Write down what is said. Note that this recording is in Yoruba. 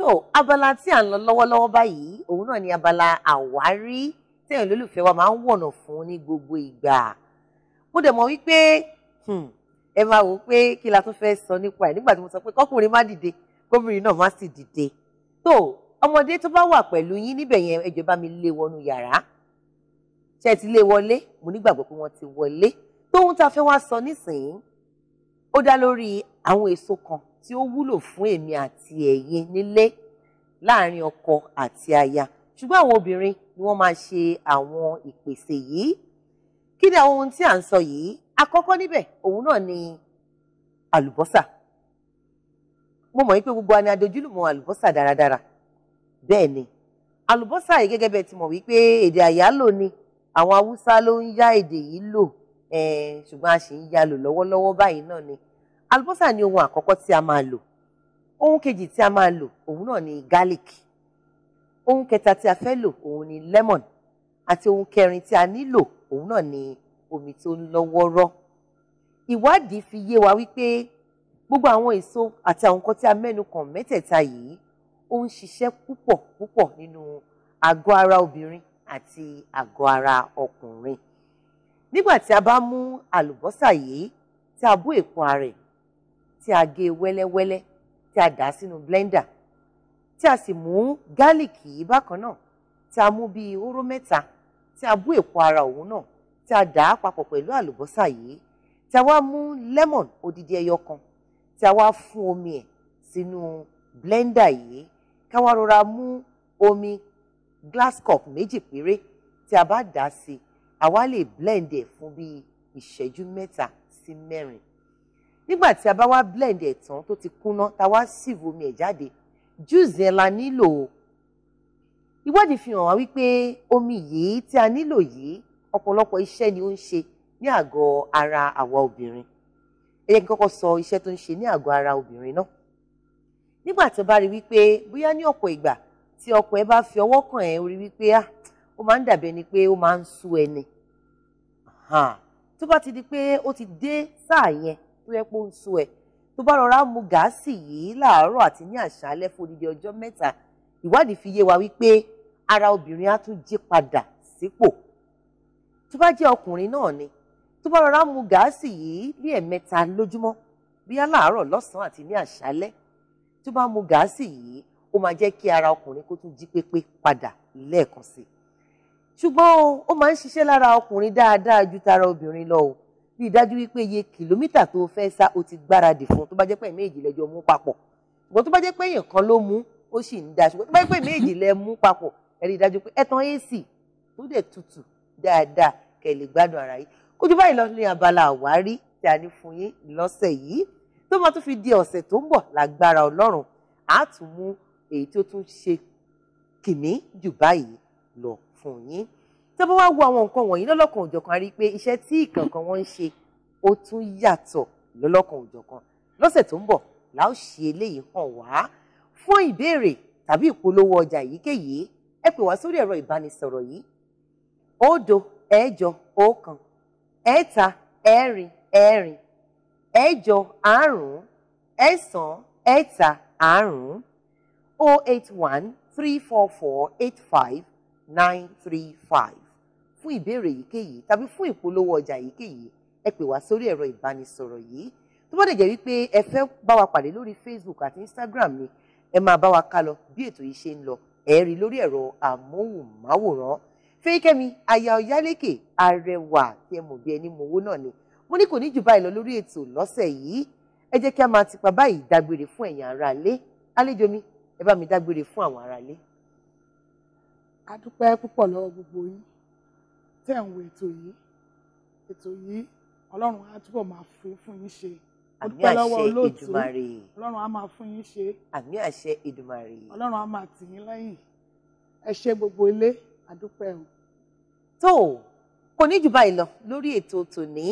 so abala tí à ń lọ lọ́wọ́lọ́wọ́ báyìí òun náà ni abala àwárí tẹ̀yìn olólùfẹ́ wa máa ń wọ̀nà fún ní gbogbo ìgbà mo dẹ̀ mọ̀ wípé hmm, ẹ máa wò ó pé kí la tún fẹ́ sọ nípa ẹ̀ nígbà tí mo sọ pé kọ́kùnrin má dìde gómìnà náà má sì dìde tó ọmọdé tó bá wà pẹ̀lú yín níbẹ̀ yẹn ẹjọ́ bá mi lé e wọnú yàrá ṣe ti lé e wọlé mo nígbàgbọ́ pé wọ́n ti wọlé tóun tá a fẹ́ wá sọ nísìnyí ó dá lórí àwọn èso kan tí ó wúlò fún èmi àti ẹ̀yin nílé láàrin ọkọ àti aya ṣùgbọ́n àwọn obìnrin ni wọ́n máa ṣe àwọn ìpèsè yìí kí ni àwọn ohun tí à ń sọ yìí àkọ́kọ́ níbẹ̀ òun náà ni àlùbọ́sà mo mọ̀ wípé gbogbo àni adojúlùmọ̀ àlùbọ́sà dáradára bẹ́ẹ̀ ni àlùbọ́sà yìí gẹ́gẹ́ bẹ́ẹ̀ ti mọ̀ wípé èdè àyálò ni àwọn haúsá ló ń yá èdè yìí lò ṣùgbọ́n a sì ń yá lọ́wọ́lọ́wọ́ báyìí náà ni àlùbọ́sà ni ohun àkọ́kọ́ tí a máa lò ohun kejì tí a máa lò òun náà ni garlic ohun kẹta tí a fẹ́ lò òun ni lemon Ati ohun kẹrin tí a nílò òun náà ni omi tó ń lọ wọ́ọ́rọ́ ìwádìí fi yé wa wípé gbogbo àwọn èso àti àwọn nǹkan tí a mẹ́nu kàn mẹ́tẹ̀ẹ̀ta yìí ó ń ṣiṣẹ́ púpọ̀ púpọ̀ nínú àgọ́ ara obìnrin àti àgọ́ ara ọkùnrin nígbà tí a bá mú àlùbọ́sà yìí tí a bó èpo rẹ̀ tí a gé wẹ́lẹ́wẹ́lẹ́ tí a dà sínú blender tí a sì mú gálíìkì yìí bákan náà tí a mú bíi hóró mẹ́ta tí a bú èpo ara òun náà tí a dà á papọ̀ pẹ̀lú àlùbọ́sà yìí tí a wá mú lemon odidi ẹyọ kan tí a wá fún omi ẹ̀ sínú blender yìí ká wá rọra mú omi glass cup méjì péré tí a bá dà sí i a wá lè blend ẹ̀ fún bíi ìṣẹ́jú mẹ́ta sí mẹ́rin nígbà tí a bá wá blend ẹ̀ tán tó ti kúná ta wá sieve omi ẹ̀ jáde juice yẹn la nílò o ìwádìí fi hàn wá wípé omi yìí tí a nílò yìí ọ̀pọ̀lọpọ̀ iṣẹ́ ni ó ń ṣe ní àgọ́ ara àwa obìnrin ẹ jẹ́ kí n kọ́kọ́ sọ iṣẹ́ tó ń ṣe ní àgọ́ ara obìnrin náà nígbà tó bá rí wípé bóyá ní ọ̀pọ̀ ìgbà tí ọkọ ẹ bá fi ọwọ́ kàn ẹ́ orí wípé ah ó máa ń dàbí ẹni pé ó máa ń sú ẹni tó bá ti di pé ó ti dé sáà yẹn tó yẹ pé ó ń so ẹ̀ tó bá rọra mu gàásì yìí láàárọ̀ àti ní àṣálẹ́ fún odidi ọjọ́ mẹ́ta ìwádìí fi yé wa wípé ara obìnrin á tún jí padà sípò tó bá jẹ́ ọkùnrin náà ni tó bá rọra mu gàásì yìí ní ẹ̀mẹ́ta lójúmọ́ bóyá láàárọ̀ lọ́sàn-án àti ní àṣálẹ́ tó bá mu gàásì yìí ó máa jẹ́ kí ara ọkùnrin kó tún jí pépé padà lẹ́ẹ̀kan sí i ṣùgbọ́n ó máa ń ṣiṣẹ́ lára ọkùnrin dáadáa ju tara obìnrin lọ o rí i dájú wípé iye kìlómítà tó fẹ́ sá o ti gbáradì fún tó bá jẹ́ pé méjì lẹ́jọ́ mú papọ̀ ṣùgbọ́n tó bá jẹ́ pé èèyàn kan ló mú ó sì ń da ṣùgbọ́n tó bá jẹ́ pé méjì lẹ mú papọ̀ ẹ rí i dájú pé ẹ tan ac tó dẹ̀ tutù dáadáa kẹ́ lè gbádùn ara yìí kójú báyìí lọ ní abala àwárí tí a ní fún yín lọ́sẹ̀ yìí tó máa tún fi di ọ̀sẹ̀ tó ń bọ̀ lágbára ọlọ́run á tún mú èyí tó tún ṣe kìmí jù báyìí lọ fún yín tó bá wá wo àwọn nǹkan wọ̀nyí lọ́lọ́kan òjọ̀kan a rí i pé iṣẹ́ tí ìkọ̀ọ̀kan wọn ń ṣe ó tún yàtọ̀ lọ́lọ́kan òjọ̀kan lọ́sẹ̀ tó ń bọ̀ la ó ṣe eléyìí hàn wá fún ìbéèrè tàbí ìpolówó ọjà èyíkéyìí ẹ pè wá sórí ẹ̀rọ ìbánisọ̀rọ̀ yìí òdo ẹ̀jọ ọ̀kan ẹ̀ta ẹ̀rin ẹ̀rin ẹ̀jọ àrún ẹ̀sán ẹ̀ta àrún o eight one three four four eight five nine three five fún ìbéèrè èyíkéyìí tàbí fún ìpolówó ọjà èyíkéyìí ẹ pè wá sórí ẹ̀rọ ìbánisọ̀rọ̀ yìí tó bá dẹ̀ wípé ẹ fẹ́ bá wa pàdé lórí Facebook àti Instagram ni ẹ máa bá wa ká lọ bí ètò yìí ṣe ń lọ ẹ rí lórí ẹ̀rọ àmóhùnmáwòrán Fẹ́yìkẹ́mi aya Ọ̀yálékè arẹwà tí ẹ mọ̀ bí ẹni mowó náà ni mo ní kò ní jù báyìí lọ lórí ètò lọ́sẹ̀ yìí ẹ jẹ́ kí a máa tipa báyìí dágbére fún ẹ̀yin aráalé àlejò mi ẹ bá mi dágbére fún àwọn aráalé. a dúpẹ́ púpọ̀ lọ́wọ́ gbogbo yín tẹ̀ ń wo ètò yìí ètò yìí ọlọ́run á túbọ̀ máa fi fún yín ṣe àdúpẹ́ lọ́wọ́ olóòtú ọlọ́run á máa fún yín ṣe àmì àṣẹ ìdùmarè ọlọ́run á máa tì yín lẹ́yìn ẹ ṣe gbogbo ilé àdúpẹ́ o. tó o kò ní jù báyìí lọ lórí ètò tòní